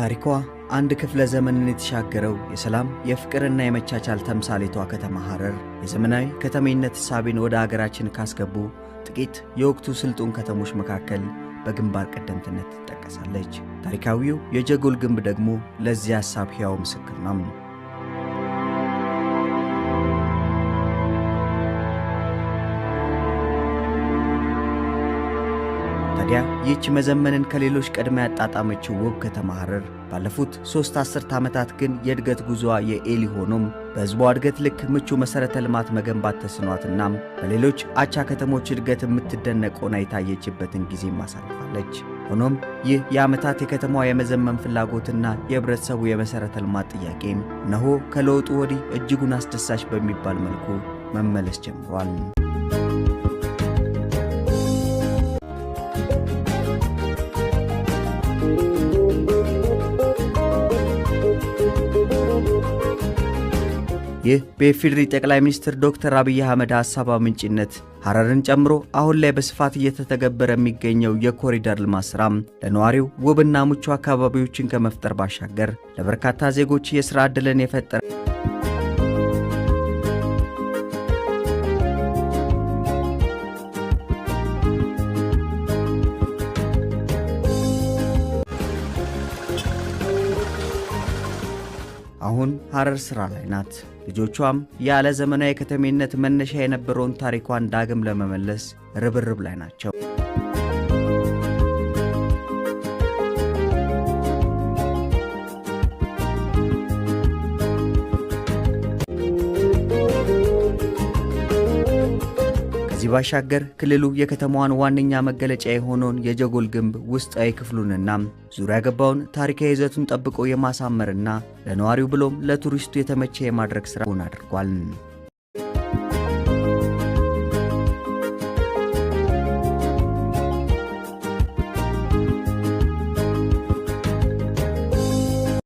ታሪኳ አንድ ክፍለ ዘመንን የተሻገረው የሰላም የፍቅርና የመቻቻል ተምሳሌቷ ከተማ ሐረር የዘመናዊ ከተሜነት ሳቢን ወደ አገራችን ካስገቡ ጥቂት የወቅቱ ስልጡን ከተሞች መካከል በግንባር ቀደምትነት ትጠቀሳለች። ታሪካዊው የጀጎል ግንብ ደግሞ ለዚህ ሐሳብ ሕያው ምስክር ነው። ታዲያ ይህች መዘመንን ከሌሎች ቀድማ ያጣጣመችው ውብ ከተማ ሐረር ባለፉት ሦስት አስርት ዓመታት ግን የእድገት ጉዞዋ የኤሊ ሆኖም በሕዝቧ እድገት ልክ ምቹ መሠረተ ልማት መገንባት ተስኗትናም በሌሎች አቻ ከተሞች እድገት የምትደነቅ ሆና የታየችበትን ጊዜ ማሳልፋለች። ሆኖም ይህ የዓመታት የከተማዋ የመዘመን ፍላጎትና የህብረተሰቡ የመሠረተ ልማት ጥያቄም እነሆ ከለውጡ ወዲህ እጅጉን አስደሳች በሚባል መልኩ መመለስ ጀምሯል። ይህ በኢፌዴሪ ጠቅላይ ሚኒስትር ዶክተር አብይ አህመድ ሀሳብ አመንጪነት ሐረርን ጨምሮ አሁን ላይ በስፋት እየተተገበረ የሚገኘው የኮሪደር ልማት ስራ ለነዋሪው ውብና ምቹ አካባቢዎችን ከመፍጠር ባሻገር ለበርካታ ዜጎች የስራ ዕድልን የፈጠረ አሁን ሐረር ሥራ ላይ ናት። ልጆቿም ያለ ዘመናዊ ከተሜነት መነሻ የነበረውን ታሪኳን ዳግም ለመመለስ ርብርብ ላይ ናቸው። ከዚህ ባሻገር ክልሉ የከተማዋን ዋነኛ መገለጫ የሆነውን የጀጎል ግንብ ውስጣዊ ክፍሉንና ዙሪያ ገባውን ታሪካዊ ይዘቱን ጠብቆ የማሳመርና ለነዋሪው ብሎም ለቱሪስቱ የተመቸ የማድረግ ስራውን አድርጓል።